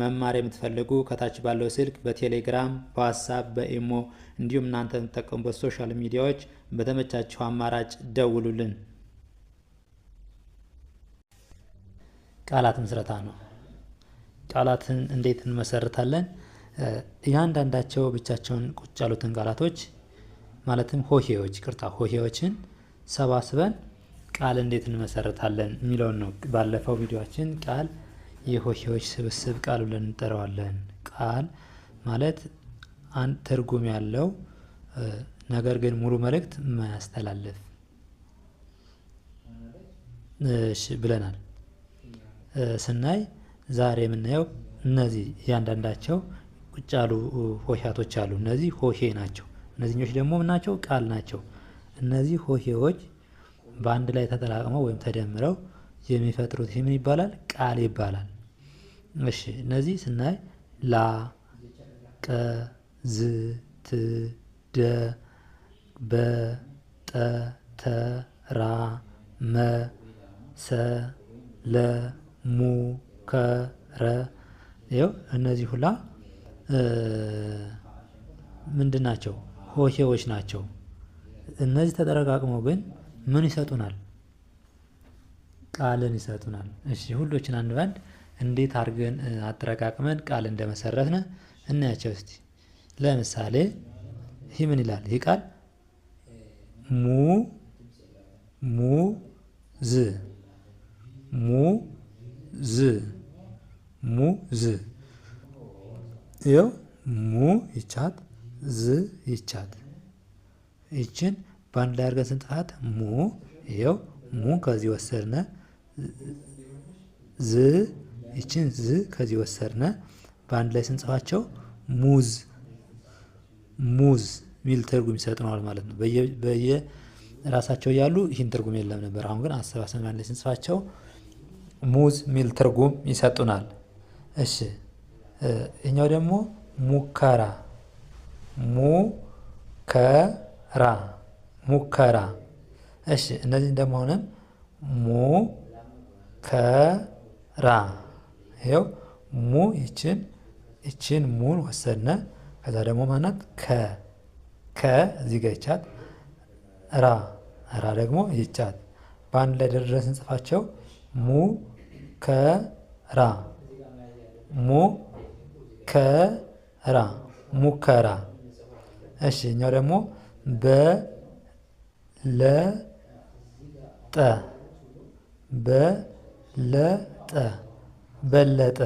መማር የምትፈልጉ ከታች ባለው ስልክ በቴሌግራም በዋትሳፕ በኢሞ እንዲሁም እናንተ የምትጠቀሙ ሶሻል ሚዲያዎች በተመቻቸው አማራጭ ደውሉልን። ቃላት ምስረታ ነው። ቃላትን እንዴት እንመሰርታለን? እያንዳንዳቸው ብቻቸውን ቁጭ ያሉትን ቃላቶች ማለትም ሆሄዎች ቅርታ ሆሄዎችን ሰባስበን ቃል እንዴት እንመሰርታለን የሚለውን ነው ባለፈው ቪዲዮችን ቃል የሆሄዎች ስብስብ ቃል ብለን እንጠራዋለን። ቃል ማለት አንድ ትርጉም ያለው ነገር ግን ሙሉ መልእክት ማያስተላልፍ ብለናል። ስናይ ዛሬ የምናየው እነዚህ እያንዳንዳቸው ቁጭ ያሉ ሆሄያቶች አሉ። እነዚህ ሆሄ ናቸው። እነዚህኞች ደግሞ ናቸው ቃል ናቸው። እነዚህ ሆሄዎች በአንድ ላይ ተጠራቅመው ወይም ተደምረው የሚፈጥሩት ምን ይባላል? ቃል ይባላል። እሺ እነዚህ ስናይ ላ ቀ ዝ ት ደ በ ጠ ተ ራ መ ሰ ለ ሙ ከ ረ ይኸው እነዚህ ሁላ ምንድን ናቸው? ሆሄዎች ናቸው። እነዚህ ተጠረቃቅመው ግን ምን ይሰጡናል? ቃልን ይሰጡናል። እሺ ሁሎችን አንድ ባንድ እንዴት አድርገን አጠረቃቅመን ቃል እንደመሰረትን እናያቸው እስቲ። ለምሳሌ ይህ ምን ይላል? ይህ ቃል ሙ ሙ ዝ ሙ ዝ ሙ ዝ ይኸው ሙ ይቻት ዝ ይቻት ይችን በአንድ ላይ አድርገን ስንጽፋት ሙ ይኸው ሙ ከዚህ ወሰድነ ዝ ይችን ዝ ከዚህ ወሰርነ በአንድ ላይ ስንጽፋቸው ሙዝ ሙዝ ሚል ትርጉም ይሰጥነዋል ማለት ነው። በየራሳቸው ያሉ ይህን ትርጉም የለም ነበር። አሁን ግን አሰባሰብ ላይ ስንጽፋቸው ሙዝ ሚል ትርጉም ይሰጡናል። እሺ እኛው ደግሞ ሙከራ ሙከራ ሙከራ። እሺ እነዚህ እንደመሆነም ሙከራ ይኸው ሙ ይችን ይችን ሙን ወሰድነ። ከዛ ደግሞ ማናት ከ ከ እዚህ ጋ ይቻት ራ ራ ደግሞ ይቻት በአንድ ላይ ደረስ እንጽፋቸው ሙ ከ ራ ሙ ከራ ሙከራ። እሺ እኛው ደግሞ በ በ ለ ጠ ለ ጠ በለጠ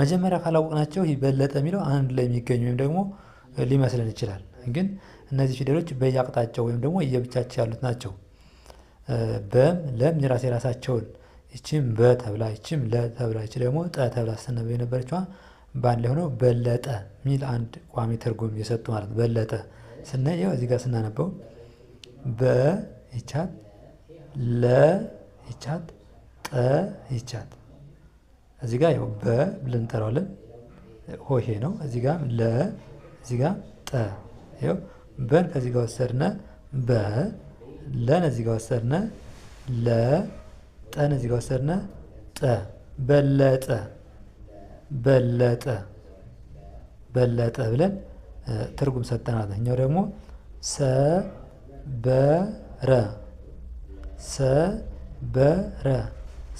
መጀመሪያ ካላወቅናቸው በለጠ የሚለው አንድ ላይ የሚገኙ ወይም ደግሞ ሊመስለን ይችላል። ግን እነዚህ ፊደሎች በየአቅጣጫው ወይም ደግሞ እየብቻቸው ያሉት ናቸው። በም ለም የራሴ የራሳቸውን ይችም በተብላ ይችም ለተብላ ይች ደግሞ ጠ ተብላ ስትነበብ የነበረችዋ በአንድ ላይ ሆነው በለጠ የሚል አንድ ቋሚ ትርጉም የሰጡ ማለት ነው። በለጠ ስነ ስናየው እዚህ ጋር ስናነበው በ ይቻት ለ ይቻት ጠ ይቻት እዚህ ጋ ያው በ ብለን እንጠራዋለን። ሆሄ ነው። እዚህ ጋ ለ፣ እዚህ ጋ ጠ። ይኸው በን ከዚህ ጋ ወሰድነ በ፣ ለን እዚህ ጋ ወሰድነ ለ፣ ጠን እዚህ ጋ ወሰድነ ጠ። በለጠ በለጠ በለጠ ብለን ትርጉም ሰጠናል። እኛው ደግሞ ሰ ሰበረ ሰበረ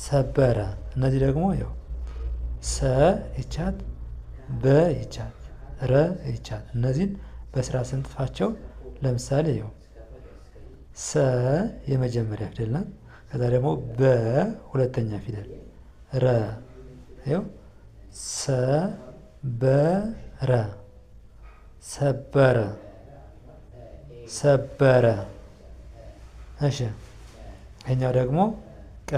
ሰበረ እነዚህ ደግሞ ያው ሰ እቻት በ እቻት ረ እቻት እነዚህን በስራ ስንጥፋቸው ለምሳሌ ይኸው ሰ የመጀመሪያ ፊደል ናት። ከዛ ደግሞ በ ሁለተኛ ፊደል ረ ይኸው ሰ ረ ሰበረ ሰበረ። እሺ ይሄኛው ደግሞ ጠ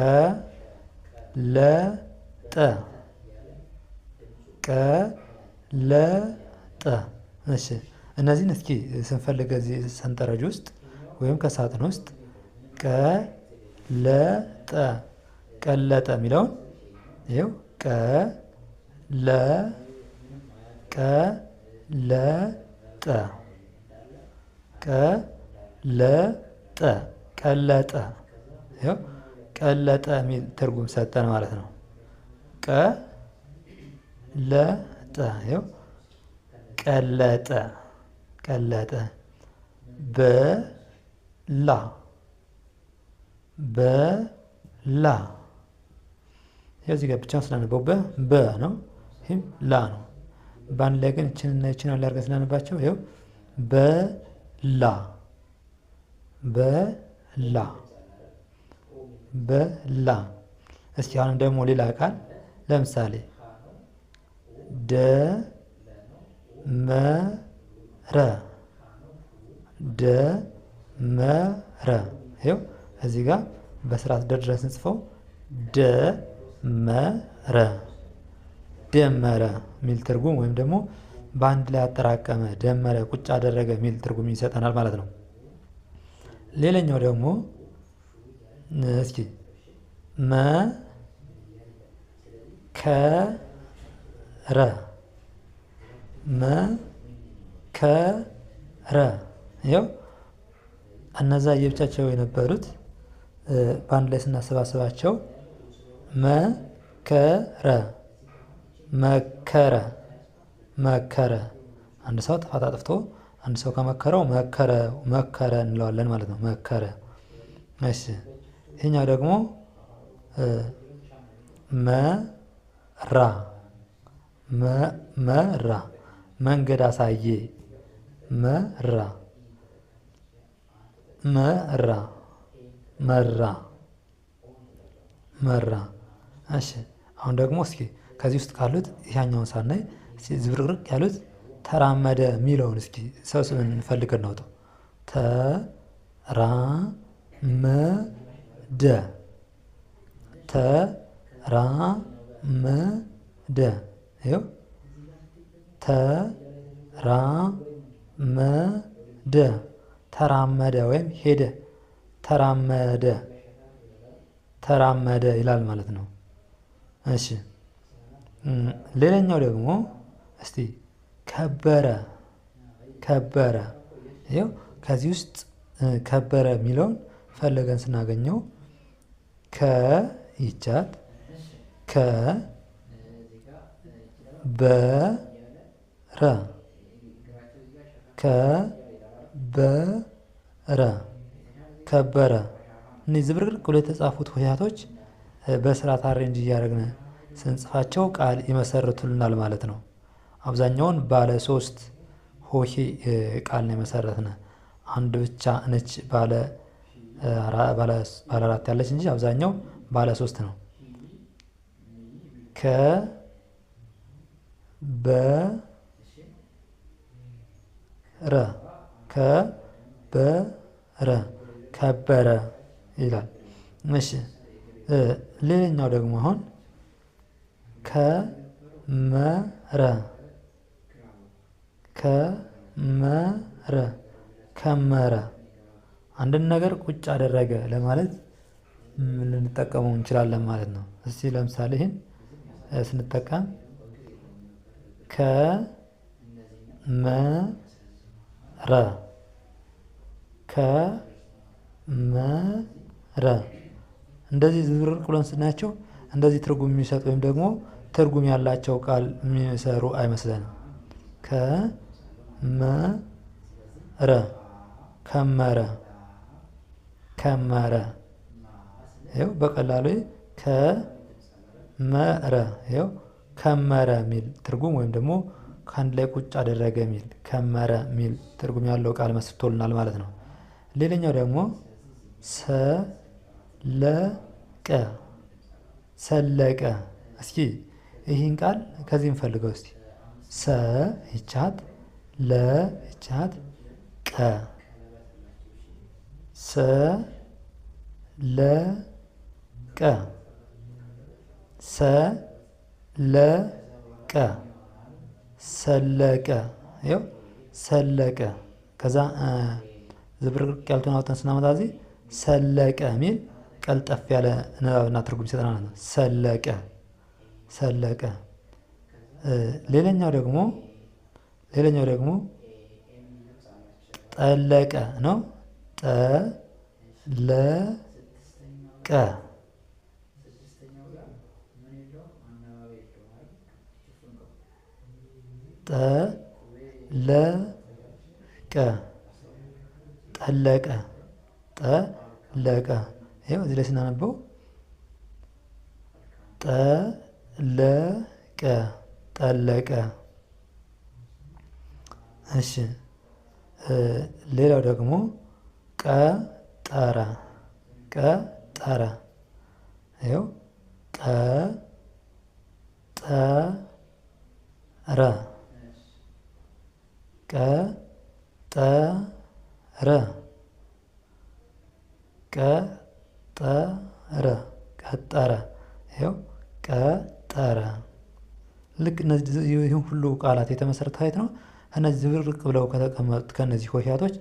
كلاتا ماشي أنا زين أذكي سنفر لك زي سنتر جوست ويوم كسات نوست كلاتا كلاتا ميلون يو كلا كلاتا كلاتا كلاتا يو كلاتا ميل ترجم ساتان مارثنو كلاتا ለጠ ይኸው ቀለጠ ቀለጠ በላ በላ እዚህ ጋር ብቻ ስላነበው በ በ ነው። ይህም ላ ነው። በአንድ ላይ ግን እችንና እችን አንድ አድርገን ስላነባቸው ይኸው በላ በላ በላ። እስኪ አሁንም ደግሞ ሌላ ቃል ለምሳሌ ደመረ ደመረ ይኸው እዚህ ጋር በስርዓት ደድረስ ስንጽፈው ደመረ ደመረ የሚል ትርጉም ወይም ደግሞ በአንድ ላይ አጠራቀመ ደመረ ቁጭ አደረገ የሚል ትርጉም ይሰጠናል ማለት ነው። ሌላኛው ደግሞ እስኪ መ ከ ረ መከረ ይኸው እነዛ የብቻቸው የነበሩት በአንድ ላይ ስናሰባስባቸው መከረ መከረ መከረ አንድ ሰው ጥፋት አጥፍቶ አንድ ሰው ከመከረው መከረ መከረ እንለዋለን ማለት ነው። መከረ። እሺ ይህኛው ደግሞ መራ መራ መንገድ አሳየ መራ መራ መራ መራ። እሺ አሁን ደግሞ እስኪ ከዚህ ውስጥ ካሉት ይሄኛውን ሳናይ ዝብርቅርቅ ያሉት ተራመደ የሚለውን እስኪ ሰብስበን እንፈልገን ነው። ተራመደ ተራመደ ይኸው ተራመደ ተራመደ ወይም ሄደ ተራመደ ተራመደ ይላል ማለት ነው። እሺ ሌላኛው ደግሞ እስቲ ከበረ ከበረ ይኸው ከዚህ ውስጥ ከበረ የሚለውን ፈለገን ስናገኘው ከ ይቻት ከ ከበረ ከበረ ከበረ። እነዚህ ዝብርቅርቅ ብሎ የተጻፉት ሆሄያቶች በስርዓት አሬንጅ እያደረግን ስንጽፋቸው ቃል ይመሰርቱልናል ማለት ነው። አብዛኛውን ባለ ሶስት ሆሄ ቃል ነው የመሰረትነ። አንድ ብቻ ነች ባለ አራት ያለች እንጂ አብዛኛው ባለ ሶስት ነው። በረ ከበረ ከበረ ይላል። እሺ ሌላኛው ደግሞ አሁን ከመረ ከመረ ከመረ አንድን ነገር ቁጭ አደረገ ለማለት ልንጠቀመው እንችላለን ማለት ነው። እስቲ ለምሳሌ ይህን ስንጠቀም ከመረ ከመረ እንደዚህ ዝብርቅ ብለን ስናያቸው እንደዚህ ትርጉም የሚሰጥ ወይም ደግሞ ትርጉም ያላቸው ቃል የሚሰሩ አይመስለንም። ከመረ ከመረ ከመረ ይኸው በቀላሉ ከመረ ይኸው ከመረ የሚል ትርጉም ወይም ደግሞ ከአንድ ላይ ቁጭ አደረገ ሚል ከመረ ሚል ትርጉም ያለው ቃል መስርቶልናል ማለት ነው። ሌላኛው ደግሞ ሰለቀ ሰለቀ። እስኪ ይህን ቃል ከዚህ እንፈልገው እስቲ ሰ ይቻት ለ ይቻት ቀ ሰ ለ ቀ ሰ ለቀ ሰለቀ ይኸው ሰለቀ ከዛ ዝብርቅርቅ ያልቱን አውጥተን ስናመጣ እዚህ ሰለቀ የሚል ቀልጠፍ ያለ ንባብና ትርጉም ይሰጠናል ነው። ሰለቀ ሰለቀ። ሌላኛው ደግሞ ሌላኛው ደግሞ ጠለቀ ነው። ጠለቀ ጠለቀ ጠለቀ ጠለቀ ይኸው እዚህ ላይ ስናነበው ጠለቀ ጠለቀ። እሺ ሌላው ደግሞ ቀጠረ ቀጠረ ይኸው ቀጠረ ቀጠረ ቀጠረ ቀጠረ ይኸው ቀጠረ ልክ እነዚህ ሁሉ ቃላት የተመሰረተ ሀይት ነው። እነዚህ ዝብርቅ ብለው ከተቀመጡት ከእነዚህ ሆሄያቶች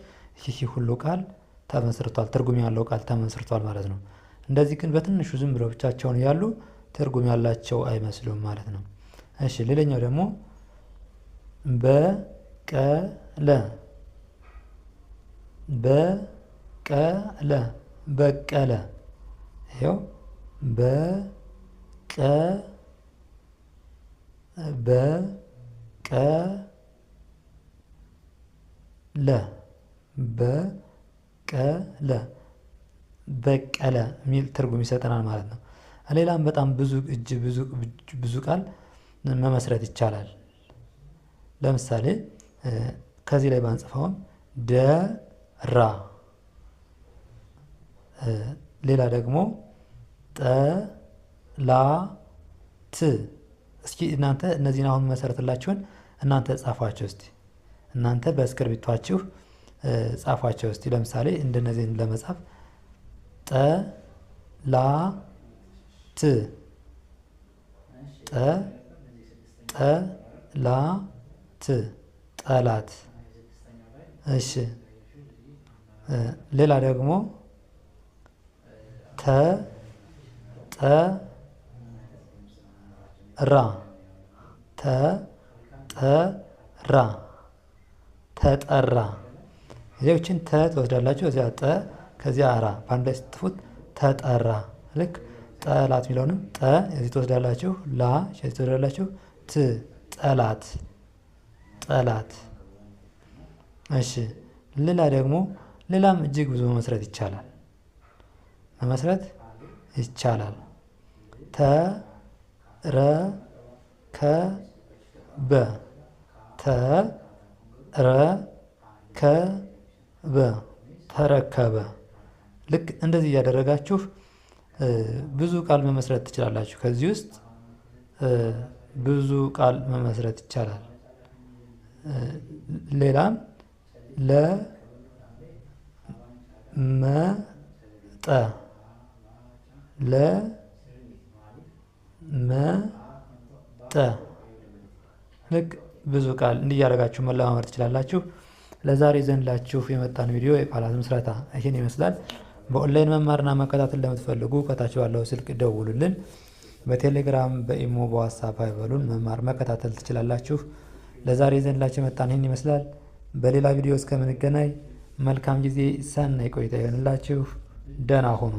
ይህ ሁሉ ቃል ተመስርቷል፣ ትርጉም ያለው ቃል ተመስርቷል ማለት ነው። እንደዚህ ግን በትንሹ ዝም ብለው ብቻቸውን ያሉ ትርጉም ያላቸው አይመስሉም ማለት ነው። እሺ ሌላኛው ደግሞ በ በቀለ በቀለ በቀለ ይኸው በቀ በቀለ በቀለ በቀለ የሚል ትርጉም ይሰጠናል ማለት ነው። ሌላም በጣም ብዙ እጅ ብዙ ቃል መመስረት ይቻላል። ለምሳሌ ከዚህ ላይ ባንጽፈውም ደራ፣ ሌላ ደግሞ ጠላት። እስኪ እናንተ እነዚህን አሁን መሰረትላችሁን እናንተ ጻፏቸው እስቲ እናንተ በእስክርቢቷችሁ ጻፏቸው እስቲ። ለምሳሌ እንደነዚህን ለመጻፍ ጠላት ጠ ጠላት ጠላት። እሺ ሌላ ደግሞ ተ ተ ጠ ራ ጠ ራ ተጠራ። እዚያችን ተ ትወስዳላችሁ እዚያ ጠ ከዚያ ራ በአንድ ላይ ስትፉት ተጠራ። ልክ ጠላት የሚለውንም ጠ እዚህ ትወስዳላችሁ፣ ላ እዚህ ትወስዳላችሁ፣ ት ጠላት ጠላት። እሺ ሌላ ደግሞ ሌላም እጅግ ብዙ መመስረት ይቻላል መመስረት ይቻላል። ከ በ ተረከበ። ልክ እንደዚህ እያደረጋችሁ ብዙ ቃል መመስረት ትችላላችሁ። ከዚህ ውስጥ ብዙ ቃል መመስረት ይቻላል። ለ መ ጠ ልክ ብዙ ቃል እንዲያደርጋችሁ መለማመድ ትችላላችሁ። ለዛሬ ዘንላችሁ የመጣን ቪዲዮ የቃላት ምስረታ ይህን ይመስላል። በኦንላይን መማርና መከታተል ለምትፈልጉ ከታች ባለው ስልክ ደውሉልን። በቴሌግራም በኢሞ በዋትሳፕ አይበሉን መማር መከታተል ትችላላችሁ። ለዛሬ ዘንላችሁ መጣን ይህን ይመስላል። በሌላ ቪዲዮ እስከምንገናኝ መልካም ጊዜ፣ ሰናይ ቆይታ ይሆንላችሁ። ደህና ሁኑ።